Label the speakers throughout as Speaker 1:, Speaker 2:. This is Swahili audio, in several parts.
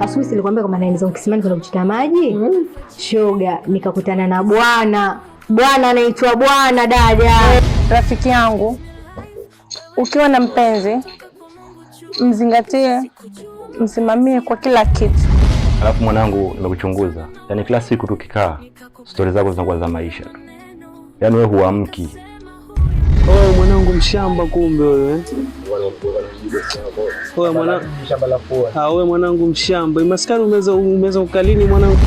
Speaker 1: Asubuhi silikwambia kwamba naenda zangu kisimani kwenda kuchota maji mm. Shoga, nikakutana na bwana bwana anaitwa bwana dada.
Speaker 2: Rafiki yangu, ukiwa na mpenzi mzingatie, msimamie kwa kila kitu.
Speaker 3: Alafu mwanangu, nimekuchunguza yaani, kila siku tukikaa stori zako zinakuwa za maisha yani yaani wewe huamki.
Speaker 4: Oh, mwanangu mshamba kumbe wewe. Wewe mwanangu, shamba ah, mwanangu mshamba. Maskani umeweza umeweza ukalini mwanangu.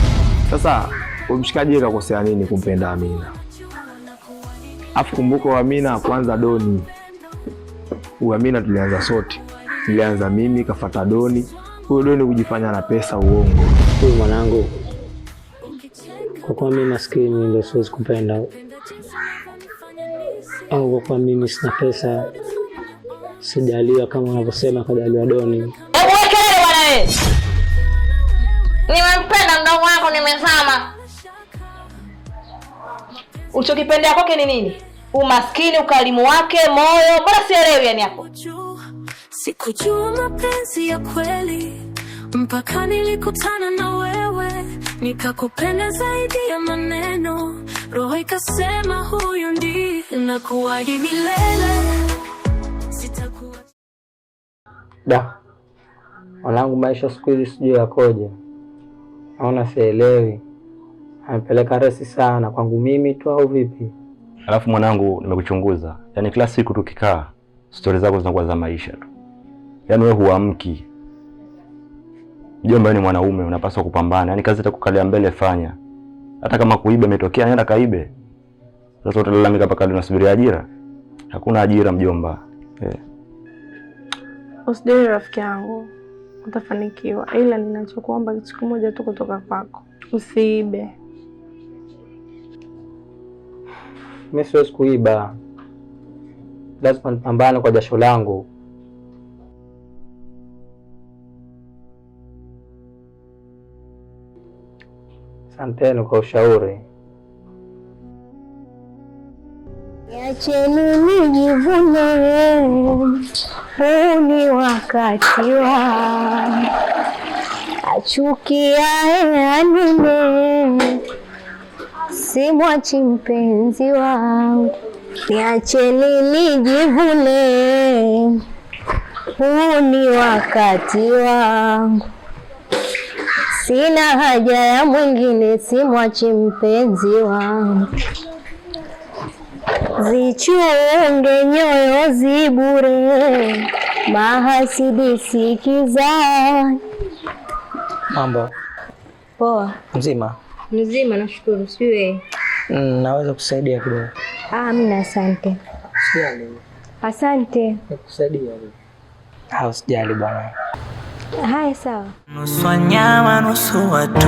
Speaker 3: Sasa umshikaji kakosea nini kumpenda Amina? Afu kumbuka wa Amina kwanza Doni. Huyu Amina tulianza sote. Tulianza mimi kafata Doni. Huyu Doni kujifanya na pesa uongo.
Speaker 5: Huyu mwanangu. Kwa kuwa mimi maskini ndio siwezi kupenda. Au kwa kuwa mimi sina pesa Sijaliwa kama unavyosema kajaliwa doni.
Speaker 6: Hebu wekelele bwana wewe. Nimempenda mdogo wako nimezama. Ulichokipendea kwake ni nini? Umaskini, ukarimu wake, moyo, mbona sielewi yani hapo. Sikujua mapenzi ya kweli mpaka nilikutana na wewe, nikakupenda zaidi ya
Speaker 5: maneno, roho ikasema huyu ndiye, nakuwahi milele. Da mwanangu maisha siku hizi sijui yakoje, naona sielewi. Amepeleka resi sana kwangu mimi tu au vipi?
Speaker 3: Alafu mwanangu, nimekuchunguza yaani, kila siku tukikaa stori zako zinakuwa za maisha tu, yaani wewe huamki. Mjomba, ni mwanaume, unapaswa kupambana, yaani kazi itakukalia mbele, fanya. Hata kama kuiba imetokea, nenda kaibe. Sasa utalalamika mpaka unasubiri ajira? Hakuna ajira mjomba, yeah.
Speaker 2: Usidai rafiki yangu, utafanikiwa, ila ninachokuomba kitu kimoja tu kutoka kwako, usiibe.
Speaker 5: Mimi siwezi kuiba, lazima nipambane kwa jasho langu. Asanteni kwa ushauri. Acheni nijivune, huu ni wakati wa achukia anime, simwachi mpenzi wangu. Niacheni nijivune, huu ni wakati wangu, sina haja ya mwingine, simwachi mpenzi wangu. Zichunge nyoyo zibure, mahasidi sikiza. Mambo poa? Mzima
Speaker 2: mzima, nashukuru. Sijui wewe?
Speaker 5: Mm, naweza kusaidia kidogo?
Speaker 2: Ah, mimi na asante. Sijali. Asante. Nakusaidia.
Speaker 5: Ah, usijali bwana.
Speaker 2: Haya, sawa. Nusu wanyama nusu watu,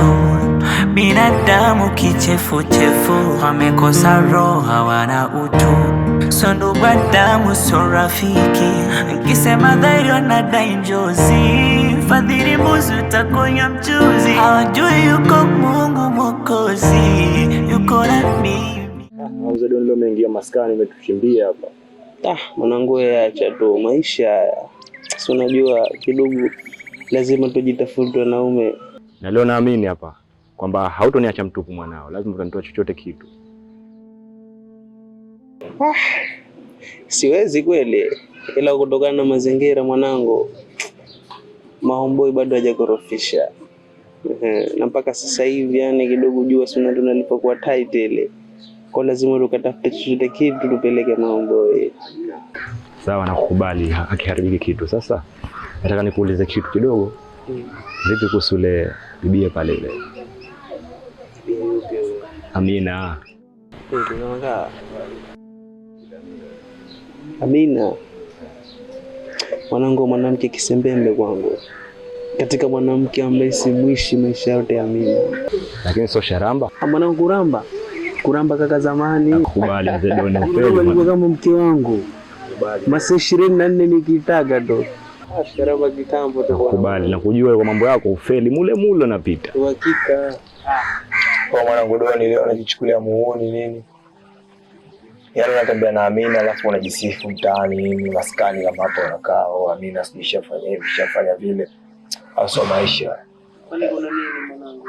Speaker 2: binadamu kichefuchefu, wamekosa roho, hawana utu, sonduba damu, so rafiki,
Speaker 3: nkisema dhahiri wanadai njozi, fadhili mbuzi, utakunywa mchuzi, hawajui yuko Mungu Mwokozi, yuko na mimi. Ah, Mauzo ndio umeingia maskani, umetushimbia hapa.
Speaker 4: Ah, mwanangu, acha tu maisha haya, si unajua kidogo lazima tujitafute wanaume,
Speaker 3: na leo naamini hapa kwamba hautoniacha mtupu mwanao, lazima utanitoa chochote kitu.
Speaker 4: Ah, siwezi kweli, ila kutokana na mazingira mwanangu, maomboi bado hajakorofisha eh, na mpaka sasa hivi, yani kidogo jua suna tunalipokuwa tight ile kwa lazima tukatafute chochote kitu tupeleke maomboi
Speaker 3: sawa, kukubali akiharibiki kitu. Sasa nataka nikuulize kitu kidogo. Vipi kuhusu ule pale ile Amina?
Speaker 4: Amina mwanangu, wa mwanamke kisembembe kwangu, katika mwanamke ambaye simwishi maisha yote. Amina
Speaker 3: lakini sio sharamba
Speaker 4: ah, mwanangu, kuramba kuramba kaka, zamani
Speaker 3: nakukubali mzee Doni,
Speaker 4: kama mke wangu masaa ishirini na nne nikitaka tu
Speaker 3: kubali na kujua kwa mambo yako ufeli mule mule unapita
Speaker 4: kwa mwanangu Doni. Leo najichukulia muhuni nini, yaani unatembea na Amina alafu unajisifu mtaani nini, maskani kama hapo unakaa, oh, Amina sijui shafanya hivi shafanya vile, aso maisha kuna nini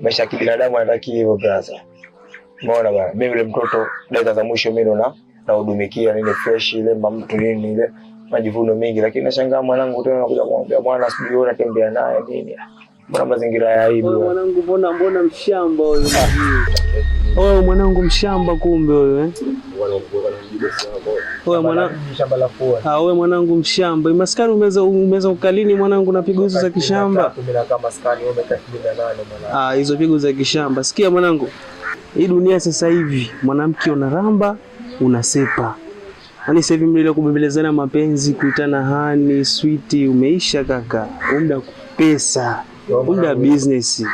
Speaker 4: maisha ya kibinadamu anataki hivyo braza. Umeona bana, mimi yule mtoto dakika za mwisho mimi naona na udumikia nini fresh ile mtu nini ile majivuno mengi, lakini nashangaa mwanangu tena anakuja kumwambia bwana, sijui wewe unatembea naye nini, mbona mazingira ya aibu mwanangu, mbona mbona mshamba huyo wewe mwanangu, mshamba kumbe wewe eh wewe mwanangu, shamba la pua. Ah, wewe mwanangu mshamba. Maskani umeza umeza ukalini mwanangu na pigo hizo za kishamba. Ah, hizo pigo za kishamba. Sikia mwanangu. Hii dunia sasa hivi mwanamke unaramba unasepa. Yaani sasa hivi mlilo kubembelezana mapenzi, kuitana hani, switi umeisha kaka. Muda pesa, muda business.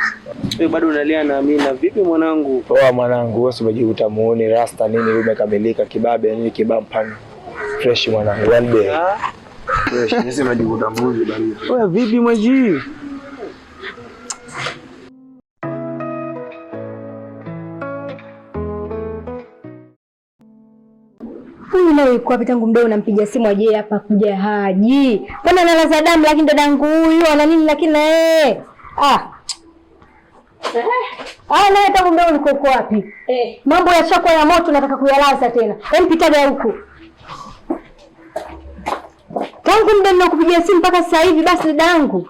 Speaker 4: Wewe bado unalia na Amina. Vipi mwanangu? Poa mwanangu, wewe usijikuta utamuone rasta nini umekamilika kibabe nini kibampa. Fresh mwanangu. One ah. Fresh, Wewe vipi mwaji?
Speaker 1: Mbona ulikuwa hapa tangu mdogo unampigia simu aje hapa kuja haji? Mbona analaza damu lakini dadangu huyu ana nini lakini na yeye? Ah. Eh. Ah, naye tangu mdogo ulikuwa uko wapi? Eh. Mambo ya chakwa ya moto nataka kuyalaza tena. Hem yaani pitaga huko. Tangu mdeo ninakupigia simu mpaka sasa hivi basi dadangu.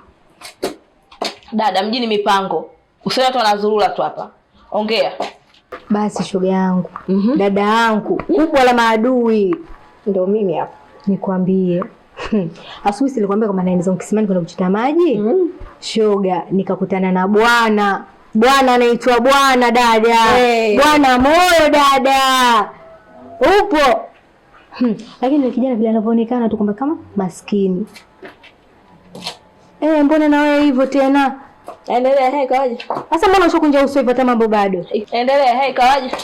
Speaker 6: Dada, mjini mipango. Usiwe watu wanazurura tu hapa. Ongea.
Speaker 1: Basi shoga yangu mm -hmm. dada yangu kubwa la maadui ndo mimi hapa, nikwambie hmm. asubuhi silikwambia kama naenda zangu kisimani kwenda kuchota maji mm -hmm. Shoga, nikakutana na bwana bwana anaitwa bwana dada hey. Bwana moyo dada upo hmm. lakini Lakini kijana vile anavyoonekana tu kwamba kama maskini eh, mbona na wewe hivyo tena
Speaker 6: Endelea, hai kawaje?
Speaker 1: Sasa mbona ushakunja uso hivyo hata mambo bado?
Speaker 6: Endelea, hai kawaje?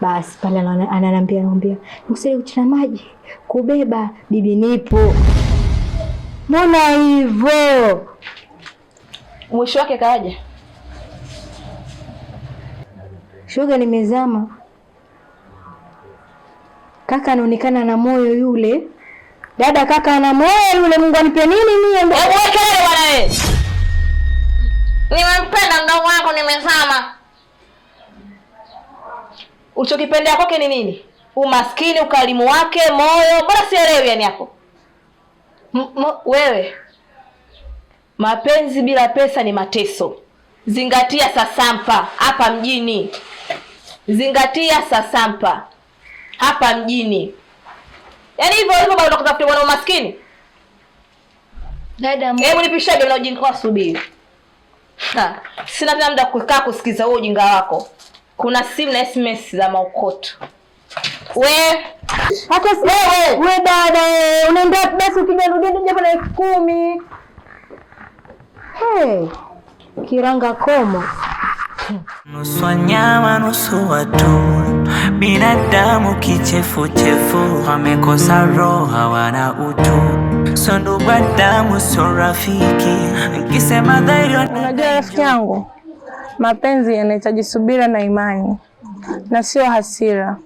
Speaker 1: Basi pale ananiambia anambia, "Nikusaidie kuchana maji, kubeba bibi nipo." Mbona hivyo?
Speaker 6: Mwisho wake kawaje?
Speaker 1: Shoga nimezama. Kaka anaonekana na moyo yule. Dada kaka ana moyo yule, Mungu anipe nini mimi? Hebu
Speaker 6: weka bwana wewe. Nimempenda mdogo wako, nimezama. Ulichokipendea kwake ni nini? Umaskini, ukarimu wake, moyo? Mbona sielewi yani hapo wewe. Mapenzi bila pesa ni mateso. Zingatia sasampa hapa mjini, zingatia sasampa hapa mjini. Yaani hivyo hivyo bado unakutafuta bwana umaskini? Dada, hebu nipishaje na ujinga? Subiri. Ha, sina tena muda kukaa kusikiza huo ujinga wako. Kuna simu na SMS za maukoto. We
Speaker 1: hata si wewe, we dada, unaenda basi ukijarudi japo na elfu kumi. Hey. Kiranga Koma. Nusu wanyama nusu watu, binadamu kichefuchefu,
Speaker 2: wamekosa roho, hawana utu, sonduba damu, so rafiki nkisema dhahiri. Unajua rafiki yangu, mapenzi yanahitaji subira na imani na sio hasira.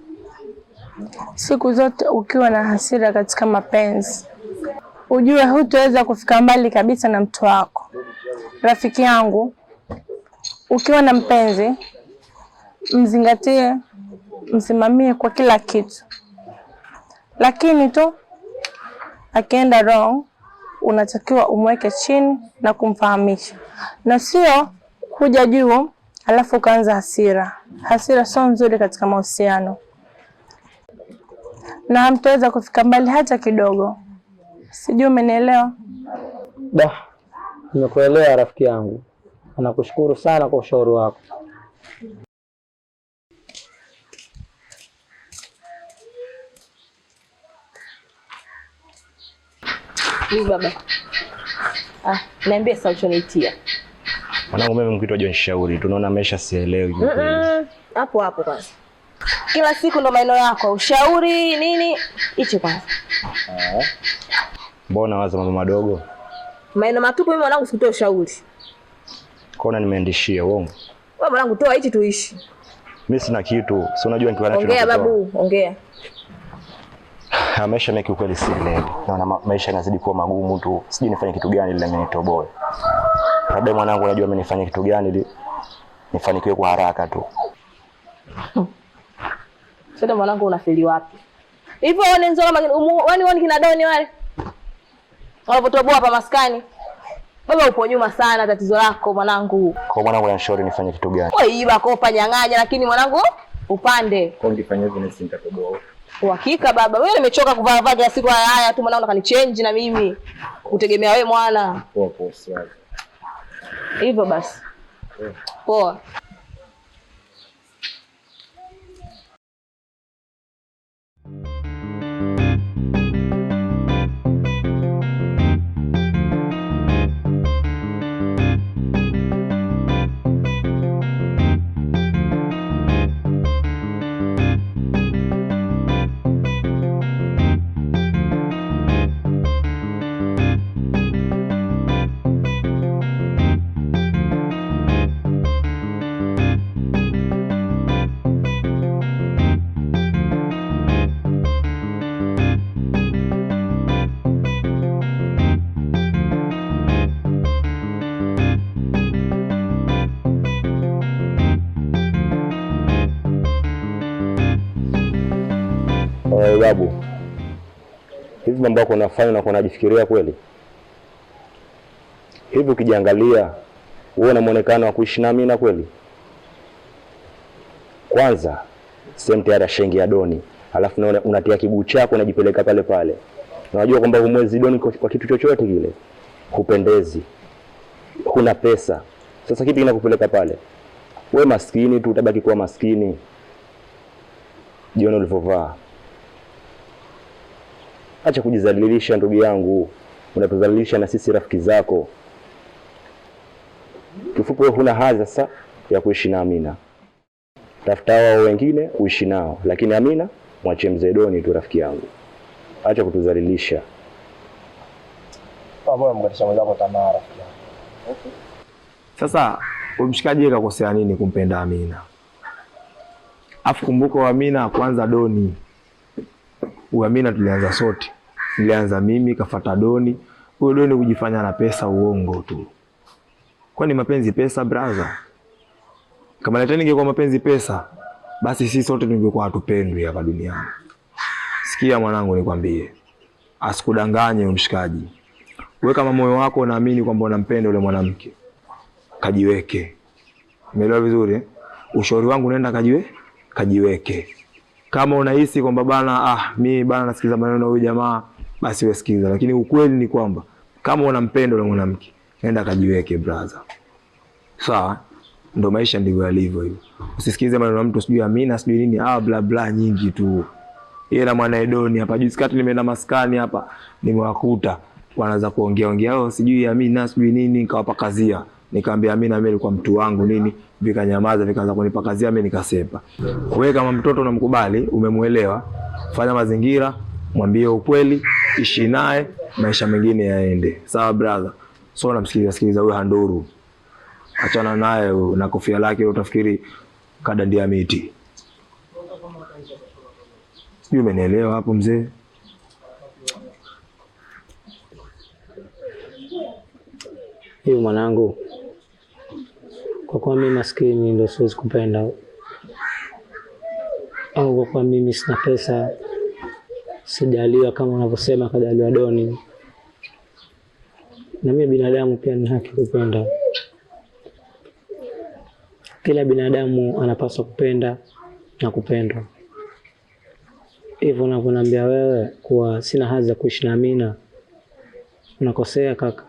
Speaker 2: Siku zote ukiwa na hasira katika mapenzi, ujue hutaweza kufika mbali kabisa na mtu wako rafiki yangu, ukiwa na mpenzi mzingatie, msimamie kwa kila kitu, lakini tu akienda wrong unatakiwa umweke chini na kumfahamisha, na sio kuja juu alafu ukaanza hasira. Hasira sio nzuri katika mahusiano na hamtaweza kufika mbali hata kidogo. Sijui umenielewa
Speaker 5: da. Nimekuelewa rafiki yangu, nakushukuru sana kwa ushauri wako.
Speaker 6: Ni baba. Ah, niambie sasa uchonitia.
Speaker 3: Mwanangu mimi mkiitwa John Shauri, tunaona maisha sielewi mm -mm.
Speaker 6: Hapo hapo kwanza. Kila siku ndo maneno yako, ushauri nini? Hichi kwanza. Ah.
Speaker 3: Mbona waza mambo madogo?
Speaker 6: Maneno matupu mimi mwanangu sikutoa ushauri.
Speaker 3: Kona nimeandishia uongo.
Speaker 6: Wewe mwanangu toa hichi tuishi.
Speaker 3: Mimi sina kitu. Si unajua nikiwa nacho.
Speaker 6: Ongea babu, ongea.
Speaker 3: Ah, maisha mengi kweli sielewi. Naona maisha yanazidi kuwa magumu tu. Sijui nifanye kitu gani ili nitoboe. Labda mwanangu unajua mimi nifanye kitu gani ili nifanikiwe kwa haraka tu.
Speaker 6: Sasa mwanangu unafeli wapi? Hivyo wewe ni nzora mageni, wani wani kina doni wale wanapotoboa hapa maskani. Baba upo nyuma sana, tatizo lako mwanangu.
Speaker 3: Kwa mwanangu, unanishauri nifanye kitu gani?
Speaker 6: Iba kopa nyang'anya, lakini mwanangu upande. Kwa
Speaker 3: nifanye hivi nisi
Speaker 6: Uhakika baba, wewe nimechoka kuvaa vaa kila siku haya tu mwanangu, nakani change na mimi. Kutegemea wewe mwana. Poa poa, Hivyo basi. Eh. Poa.
Speaker 3: ajabu. Hivi mambo yako unafanya na unajifikiria kweli? Hivi ukijiangalia wewe una muonekano wa kuishi na Amina kweli? Kwanza sehemu tayari ya doni, alafu naona unatia kiguu chako unajipeleka pale pale. Unajua kwamba humwezi doni kwa kitu chochote kile, hupendezi, huna pesa. Sasa kipi kinakupeleka pale? We maskini tu, utabaki kuwa maskini. Jioni ulivyovaa Acha kujizalilisha ndugu yangu, unatuzalilisha na sisi rafiki zako. Kifupi, wewe huna haja sasa ya kuishi na Amina. Tafuta wao wengine uishi nao, lakini Amina mwachie mzee Doni tu, rafiki yangu, acha kutuzalilisha.
Speaker 5: Ah,
Speaker 3: sasa umshikaji kakosea nini kumpenda Amina? Afu kumbuka wa Amina kwanza Doni Uamina tulianza sote, nilianza mimi, kafata Doni. Huyo Doni kujifanya na pesa, uongo tu. Kwani mapenzi pesa, brother? Kama leta ningekuwa mapenzi pesa, basi sisi sote tungekuwa hatupendwi hapa duniani. Sikia mwanangu, nikwambie, asikudanganye umshikaji. We kama moyo wako unaamini kwamba unampenda yule mwanamke, kajiweke. Umeelewa vizuri? Eh? Ushauri wangu nenda kajiwe, kajiweke kama unahisi kwamba bana, ah, mi bana nasikiza maneno huyu jamaa, basi wesikiza, lakini ukweli ni kwamba kama unampenda ule mwanamke nenda kajiweke brother, sawa? Ndo maisha ndivyo yalivyo hivyo. Usisikize maneno ya mtu sijui Amina sijui nini, ah bla bla nyingi tu. Yeye na mwana Edoni hapa juzi kati nimeenda maskani hapa nimewakuta wanaanza kuongea ongea, oh sijui Amina sijui nini, nikawapa kazia, nikamwambia Amina mimi nilikuwa mtu wangu nini, vikanyamaza, vikaanza kunipakazia mimi, nikasepa. Wewe kama mtoto unamkubali, umemwelewa, fanya mazingira, mwambie ukweli, ishi naye, maisha mengine yaende sawa, brother. So namsikiliza sikiliza huyo handuru, achana naye na kofia lake, utafikiri kadandia miti. Sijui umenielewa hapo mzee.
Speaker 5: Hiyo mwanangu kwa kuwa mimi maskini ndio siwezi kupenda, au kwa kuwa mimi sina pesa, sijaliwa kama unavyosema kajaliwa doni. Na mimi binadamu pia ni haki kupenda. Kila binadamu anapaswa kupenda na kupendwa. Hivyo unavyoniambia wewe kuwa sina hadhi ya kuishi na Amina, unakosea kaka.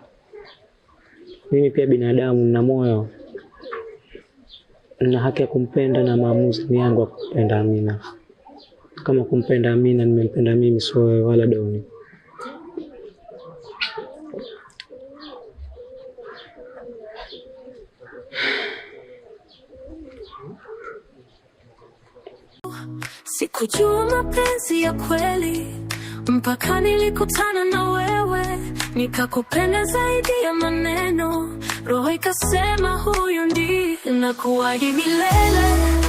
Speaker 5: Mimi pia binadamu, nina moyo na haki ya kumpenda na maamuzi ni yangu ya kumpenda Amina. Kama kumpenda Amina nimempenda mimi, sio wewe wala Doni. Sikujua mapenzi ya kweli mpaka nilikutana na wewe, nikakupenda zaidi ya maneno Roho ikasema huyu ndiye, nakuwahi milele